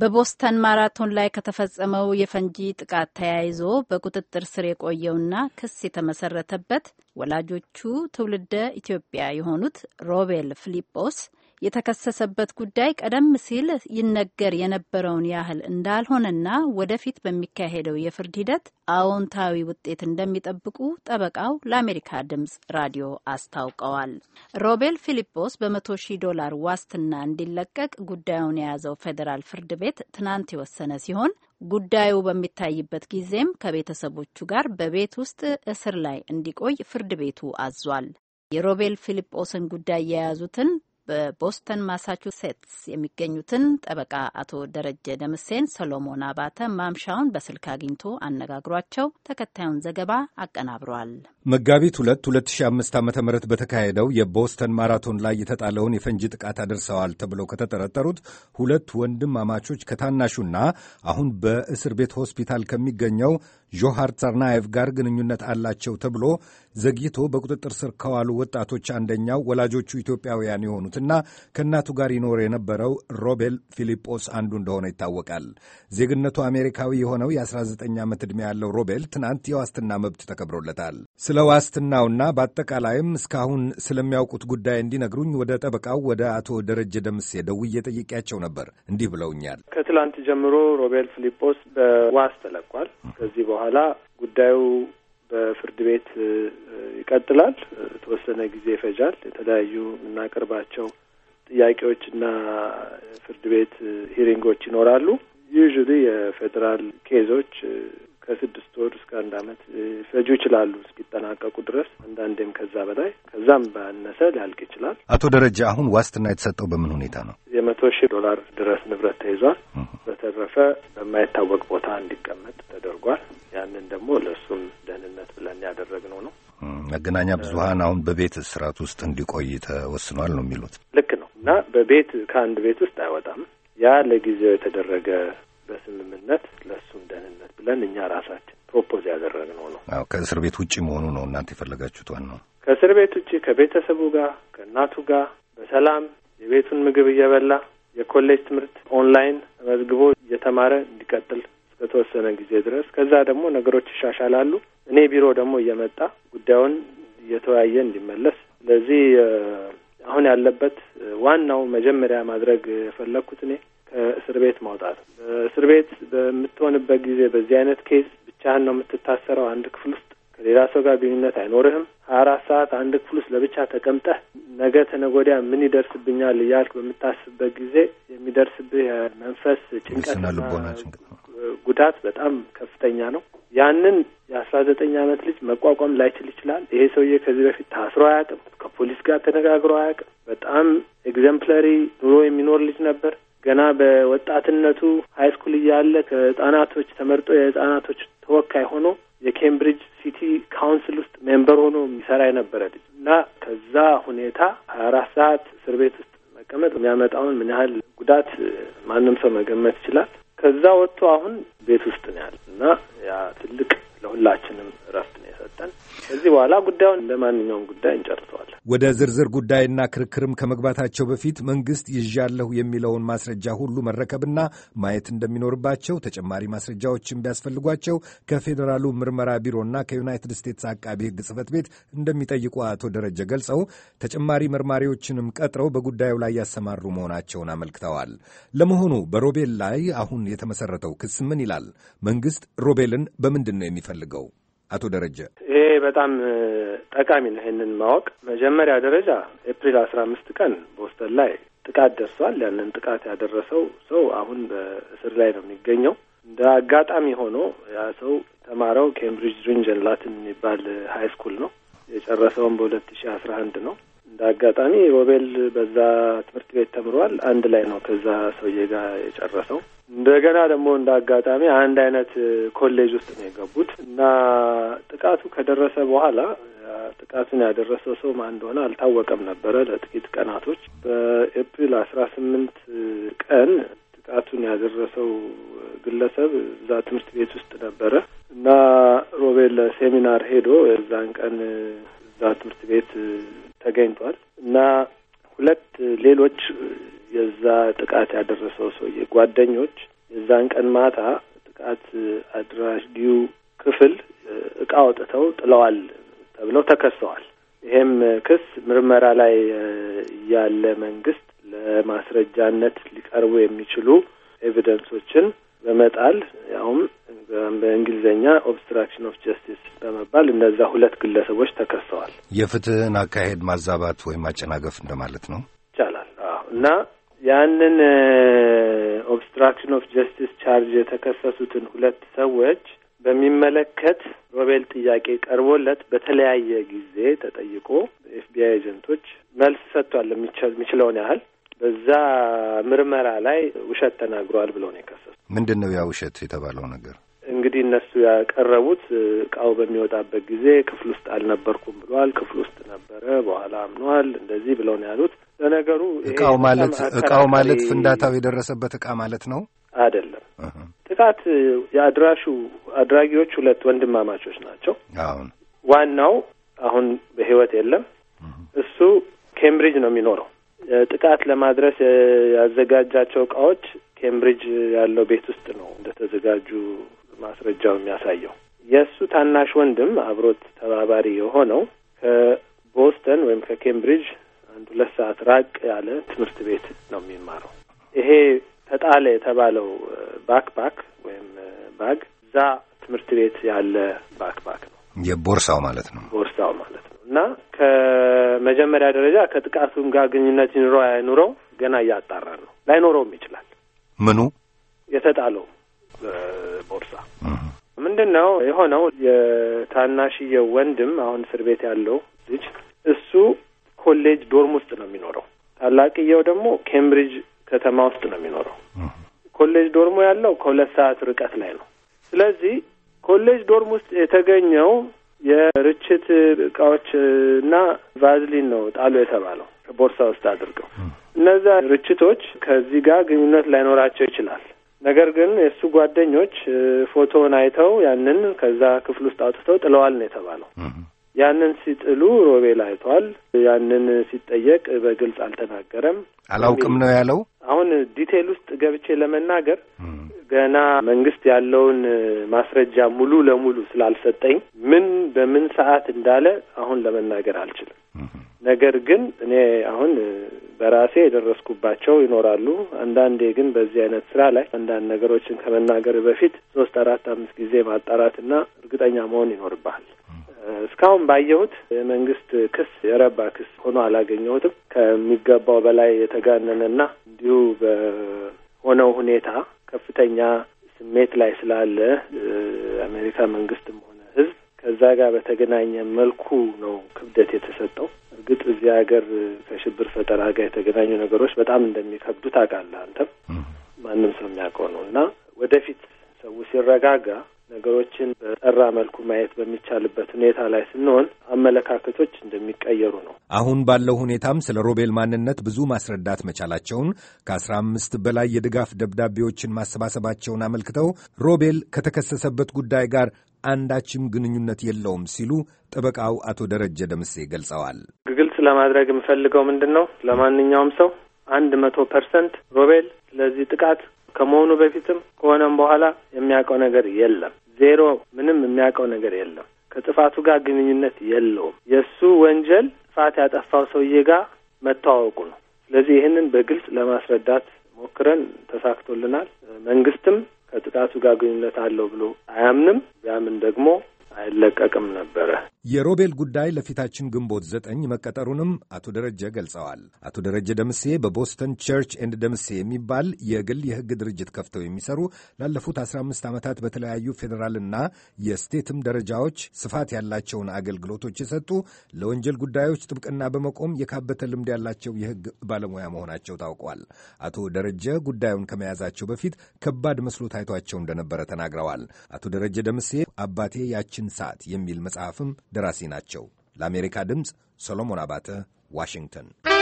በቦስተን ማራቶን ላይ ከተፈጸመው የፈንጂ ጥቃት ተያይዞ በቁጥጥር ስር የቆየውና ክስ የተመሰረተበት ወላጆቹ ትውልደ ኢትዮጵያ የሆኑት ሮቤል ፊሊጶስ የተከሰሰበት ጉዳይ ቀደም ሲል ይነገር የነበረውን ያህል እንዳልሆነና ወደፊት በሚካሄደው የፍርድ ሂደት አዎንታዊ ውጤት እንደሚጠብቁ ጠበቃው ለአሜሪካ ድምጽ ራዲዮ አስታውቀዋል። ሮቤል ፊሊጶስ በመቶ ሺህ ዶላር ዋስትና እንዲለቀቅ ጉዳዩን የያዘው ፌዴራል ፍርድ ቤት ትናንት የወሰነ ሲሆን ጉዳዩ በሚታይበት ጊዜም ከቤተሰቦቹ ጋር በቤት ውስጥ እስር ላይ እንዲቆይ ፍርድ ቤቱ አዟል። የሮቤል ፊሊጶስን ጉዳይ የያዙትን በቦስተን ማሳቹሴትስ የሚገኙትን ጠበቃ አቶ ደረጀ ደምሴን ሰሎሞን አባተ ማምሻውን በስልክ አግኝቶ አነጋግሯቸው ተከታዩን ዘገባ አቀናብሯል። መጋቢት 2 2005 ዓ ም በተካሄደው የቦስተን ማራቶን ላይ የተጣለውን የፈንጂ ጥቃት አድርሰዋል ተብለው ከተጠረጠሩት ሁለት ወንድማማቾች ከታናሹና አሁን በእስር ቤት ሆስፒታል ከሚገኘው ዦሃር ጸርናየቭ ጋር ግንኙነት አላቸው ተብሎ ዘግይቶ በቁጥጥር ስር ከዋሉ ወጣቶች አንደኛው ወላጆቹ ኢትዮጵያውያን የሆኑትና ከእናቱ ጋር ይኖር የነበረው ሮቤል ፊሊጶስ አንዱ እንደሆነ ይታወቃል። ዜግነቱ አሜሪካዊ የሆነው የ19 ዓመት ዕድሜ ያለው ሮቤል ትናንት የዋስትና መብት ተከብሮለታል። ስለ ዋስትናውና በአጠቃላይም እስካሁን ስለሚያውቁት ጉዳይ እንዲነግሩኝ ወደ ጠበቃው ወደ አቶ ደረጀ ደምሴ ደውዬ ጠይቄያቸው ነበር። እንዲህ ብለውኛል። ከትላንት ጀምሮ ሮቤል ፊሊጶስ በዋስ ተለቋል። ከዚህ በኋላ ጉዳዩ በፍርድ ቤት ይቀጥላል። የተወሰነ ጊዜ ይፈጃል። የተለያዩ የምናቀርባቸው ጥያቄዎችና ፍርድ ቤት ሂሪንጎች ይኖራሉ። ዩዥሊ የፌዴራል ኬዞች ከስድስት ወር እስከ አንድ አመት ፈጁ ይችላሉ እስኪጠናቀቁ ድረስ አንዳንዴም ከዛ በላይ ከዛም ባነሰ ሊያልቅ ይችላል። አቶ ደረጃ አሁን ዋስትና የተሰጠው በምን ሁኔታ ነው? የመቶ ሺህ ዶላር ድረስ ንብረት ተይዟል። በተረፈ በማይታወቅ ቦታ እንዲቀመጥ ተደርጓል። ያንን ደግሞ ለእሱም ደህንነት ብለን ያደረግነው ነው። መገናኛ ብዙሀን አሁን በቤት እስራት ውስጥ እንዲቆይ ተወስኗል ነው የሚሉት። ልክ ነው እና በቤት ከአንድ ቤት ውስጥ አይወጣም። ያ ለጊዜው የተደረገ በስምምነት ብለን እኛ ራሳችን ፕሮፖዝ ያደረግነው ነው። አዎ ከእስር ቤት ውጭ መሆኑ ነው እናንተ የፈለጋችሁት ዋናው። ከእስር ቤት ውጭ ከቤተሰቡ ጋር ከእናቱ ጋር በሰላም የቤቱን ምግብ እየበላ የኮሌጅ ትምህርት ኦንላይን ተመዝግቦ እየተማረ እንዲቀጥል እስከተወሰነ ጊዜ ድረስ ከዛ ደግሞ ነገሮች ይሻሻላሉ። እኔ ቢሮ ደግሞ እየመጣ ጉዳዩን እየተወያየ እንዲመለስ ስለዚህ አሁን ያለበት ዋናው መጀመሪያ ማድረግ የፈለግኩት እኔ ከእስር ቤት ማውጣት። እስር ቤት በምትሆንበት ጊዜ በዚህ አይነት ኬስ ብቻህን ነው የምትታሰረው። አንድ ክፍል ውስጥ ከሌላ ሰው ጋር ግንኙነት አይኖርህም። ሀያ አራት ሰዓት አንድ ክፍል ውስጥ ለብቻ ተቀምጠህ ነገ ተነጎዲያ ምን ይደርስብኛል እያልክ በምታስብበት ጊዜ የሚደርስብህ የመንፈስ ጭንቀትና ጉዳት በጣም ከፍተኛ ነው። ያንን የአስራ ዘጠኝ አመት ልጅ መቋቋም ላይችል ይችላል። ይሄ ሰውዬ ከዚህ በፊት ታስሮ አያውቅም። ከፖሊስ ጋር ተነጋግሮ አያውቅም። በጣም ኤግዘምፕለሪ ኑሮ የሚኖር ልጅ ነበር። ገና በወጣትነቱ ሀይስኩል እያለ ከህጻናቶች ተመርጦ የህጻናቶች ተወካይ ሆኖ የኬምብሪጅ ሲቲ ካውንስል ውስጥ ሜምበር ሆኖ የሚሰራ የነበረ ልጅ እና ከዛ ሁኔታ ሀያ አራት ሰዓት እስር ቤት ውስጥ መቀመጥ የሚያመጣውን ምን ያህል ጉዳት ማንም ሰው መገመት ይችላል። ከዛ ወጥቶ አሁን ቤት ውስጥ ነው ያለ እና ያ ትልቅ ለሁላችንም እረፍት ነው የሰጠን። ከዚህ በኋላ ጉዳዩን እንደ ማንኛውም ጉዳይ እንጨርሰዋል። ወደ ዝርዝር ጉዳይና ክርክርም ከመግባታቸው በፊት መንግስት ይዣለሁ የሚለውን ማስረጃ ሁሉ መረከብና ማየት እንደሚኖርባቸው ተጨማሪ ማስረጃዎችን ቢያስፈልጓቸው ከፌዴራሉ ምርመራ ቢሮና ከዩናይትድ ስቴትስ አቃቢ ህግ ጽህፈት ቤት እንደሚጠይቁ አቶ ደረጀ ገልጸው ተጨማሪ መርማሪዎችንም ቀጥረው በጉዳዩ ላይ ያሰማሩ መሆናቸውን አመልክተዋል። ለመሆኑ በሮቤል ላይ አሁን የተመሰረተው ክስ ምን ይላል? መንግስት ሮቤልን በምንድን ነው የሚፈልገው? አቶ ደረጀ ይሄ በጣም ጠቃሚ ነው። ይህንን ማወቅ መጀመሪያ ደረጃ ኤፕሪል አስራ አምስት ቀን ቦስተን ላይ ጥቃት ደርሷል። ያንን ጥቃት ያደረሰው ሰው አሁን በእስር ላይ ነው የሚገኘው። እንደ አጋጣሚ ሆኖ ያ ሰው ተማረው ኬምብሪጅ ሪንጀን ላትን የሚባል ሀይ ስኩል ነው። የጨረሰውን በሁለት ሺ አስራ አንድ ነው። እንደ አጋጣሚ ሮቤል በዛ ትምህርት ቤት ተምሯል። አንድ ላይ ነው ከዛ ሰውዬ ጋር የጨረሰው። እንደገና ደግሞ እንደ አጋጣሚ አንድ አይነት ኮሌጅ ውስጥ ነው የገቡት እና ጥቃቱ ከደረሰ በኋላ ጥቃቱን ያደረሰው ሰው ማን እንደሆነ አልታወቀም ነበረ ለጥቂት ቀናቶች። በኤፕሪል አስራ ስምንት ቀን ጥቃቱን ያደረሰው ግለሰብ እዛ ትምህርት ቤት ውስጥ ነበረ እና ሮቤል ለሴሚናር ሄዶ የዛን ቀን እዛ ትምህርት ቤት ተገኝቷል እና ሁለት ሌሎች የዛ ጥቃት ያደረሰው ሰውዬ ጓደኞች የዛን ቀን ማታ ጥቃት አድራጊው ክፍል እቃ አውጥተው ጥለዋል ተብለው ተከሰዋል። ይሄም ክስ ምርመራ ላይ ያለ መንግስት ለማስረጃነት ሊቀርቡ የሚችሉ ኤቪደንሶችን በመጣል ያውም በእንግሊዝኛ ኦብስትራክሽን ኦፍ ጀስቲስ በመባል እነዛ ሁለት ግለሰቦች ተከሰዋል። የፍትህን አካሄድ ማዛባት ወይም ማጨናገፍ እንደማለት ነው ይቻላል። እና ያንን ኦብስትራክሽን ኦፍ ጀስቲስ ቻርጅ የተከሰሱትን ሁለት ሰዎች በሚመለከት ሮቤል ጥያቄ ቀርቦለት በተለያየ ጊዜ ተጠይቆ ኤፍቢአይ ኤጀንቶች መልስ ሰጥቷል የሚችለውን ያህል በዛ ምርመራ ላይ ውሸት ተናግሯል ብለው ነው ምንድን ነው ያ ውሸት የተባለው ነገር? እንግዲህ እነሱ ያቀረቡት እቃው በሚወጣበት ጊዜ ክፍል ውስጥ አልነበርኩም ብሏል፣ ክፍል ውስጥ ነበረ፣ በኋላ አምኗል፣ እንደዚህ ብለው ነው ያሉት። ለነገሩ እቃው ማለት እቃው ማለት ፍንዳታው የደረሰበት እቃ ማለት ነው አይደለም። ጥቃት የአድራሹ አድራጊዎች ሁለት ወንድማማቾች ናቸው። አሁን ዋናው አሁን በህይወት የለም። እሱ ኬምብሪጅ ነው የሚኖረው። ጥቃት ለማድረስ ያዘጋጃቸው እቃዎች ኬምብሪጅ ያለው ቤት ውስጥ ነው እንደተዘጋጁ ማስረጃው የሚያሳየው። የእሱ ታናሽ ወንድም አብሮት ተባባሪ የሆነው ከቦስተን ወይም ከኬምብሪጅ አንድ ሁለት ሰዓት ራቅ ያለ ትምህርት ቤት ነው የሚማረው። ይሄ ተጣለ የተባለው ባክፓክ ወይም ባግ እዛ ትምህርት ቤት ያለ ባክፓክ ነው። የቦርሳው ማለት ነው። ቦርሳው ማለት ነው። እና ከመጀመሪያ ደረጃ ከጥቃቱም ጋር ግንኙነት ይኑረው አይኑረው ገና እያጣራ ነው። ላይኖረውም ይችላል። ምኑ የተጣለው ቦርሳ ምንድን ነው የሆነው? የታናሽየው ወንድም አሁን እስር ቤት ያለው ልጅ እሱ ኮሌጅ ዶርም ውስጥ ነው የሚኖረው። ታላቅየው ደግሞ ኬምብሪጅ ከተማ ውስጥ ነው የሚኖረው። ኮሌጅ ዶርሞ ያለው ከሁለት ሰዓት ርቀት ላይ ነው። ስለዚህ ኮሌጅ ዶርም ውስጥ የተገኘው የርችት እቃዎች እና ቫዝሊን ነው ጣሉ የተባለው ቦርሳ ውስጥ አድርገው እነዛ ርችቶች ከዚህ ጋር ግንኙነት ላይኖራቸው ይችላል። ነገር ግን የእሱ ጓደኞች ፎቶውን አይተው ያንን ከዛ ክፍል ውስጥ አውጥተው ጥለዋል ነው የተባለው። ያንን ሲጥሉ ሮቤል አይቷል። ያንን ሲጠየቅ በግልጽ አልተናገረም። አላውቅም ነው ያለው። አሁን ዲቴል ውስጥ ገብቼ ለመናገር ገና መንግስት ያለውን ማስረጃ ሙሉ ለሙሉ ስላልሰጠኝ ምን በምን ሰዓት እንዳለ አሁን ለመናገር አልችልም። ነገር ግን እኔ አሁን በራሴ የደረስኩባቸው ይኖራሉ። አንዳንዴ ግን በዚህ አይነት ስራ ላይ አንዳንድ ነገሮችን ከመናገር በፊት ሶስት አራት አምስት ጊዜ ማጣራትና እርግጠኛ መሆን ይኖርብሃል። እስካሁን ባየሁት የመንግስት ክስ የረባ ክስ ሆኖ አላገኘሁትም። ከሚገባው በላይ የተጋነነና እንዲሁ በሆነው ሁኔታ ከፍተኛ ስሜት ላይ ስላለ አሜሪካ መንግስትም ከዛ ጋር በተገናኘ መልኩ ነው ክብደት የተሰጠው። እርግጥ እዚህ ሀገር ከሽብር ፈጠራ ጋር የተገናኙ ነገሮች በጣም እንደሚከብዱ ታውቃለህ አንተም፣ ማንም ሰው የሚያውቀው ነው እና ወደፊት ሰው ሲረጋጋ ነገሮችን በጠራ መልኩ ማየት በሚቻልበት ሁኔታ ላይ ስንሆን አመለካከቶች እንደሚቀየሩ ነው። አሁን ባለው ሁኔታም ስለ ሮቤል ማንነት ብዙ ማስረዳት መቻላቸውን ከአስራ አምስት በላይ የድጋፍ ደብዳቤዎችን ማሰባሰባቸውን አመልክተው ሮቤል ከተከሰሰበት ጉዳይ ጋር አንዳችም ግንኙነት የለውም ሲሉ ጠበቃው አቶ ደረጀ ደምሴ ገልጸዋል። ግልጽ ለማድረግ የምፈልገው ምንድን ነው ለማንኛውም ሰው አንድ መቶ ፐርሰንት ሮቤል ስለዚህ ጥቃት ከመሆኑ በፊትም ከሆነም በኋላ የሚያውቀው ነገር የለም። ዜሮ ምንም የሚያውቀው ነገር የለም። ከጥፋቱ ጋር ግንኙነት የለውም። የእሱ ወንጀል ጥፋት ያጠፋው ሰውዬ ጋር መተዋወቁ ነው። ስለዚህ ይህንን በግልጽ ለማስረዳት ሞክረን ተሳክቶልናል። መንግስትም ከጥቃቱ ጋር ግንኙነት አለው ብሎ አያምንም። ቢያምን ደግሞ አይለቀቅም ነበረ። የሮቤል ጉዳይ ለፊታችን ግንቦት ዘጠኝ መቀጠሩንም አቶ ደረጀ ገልጸዋል። አቶ ደረጀ ደምሴ በቦስተን ቸርች ኤንድ ደምሴ የሚባል የግል የሕግ ድርጅት ከፍተው የሚሰሩ ላለፉት 15 ዓመታት በተለያዩ ፌዴራልና የስቴትም ደረጃዎች ስፋት ያላቸውን አገልግሎቶች የሰጡ ለወንጀል ጉዳዮች ጥብቅና በመቆም የካበተ ልምድ ያላቸው የሕግ ባለሙያ መሆናቸው ታውቋል። አቶ ደረጀ ጉዳዩን ከመያዛቸው በፊት ከባድ መስሎ ታይቷቸው እንደነበረ ተናግረዋል። አቶ ደረጀ ደምሴ አባቴ ያችን የሁላችን ሰዓት የሚል መጽሐፍም ደራሲ ናቸው። ለአሜሪካ ድምፅ ሰሎሞን አባተ ዋሽንግተን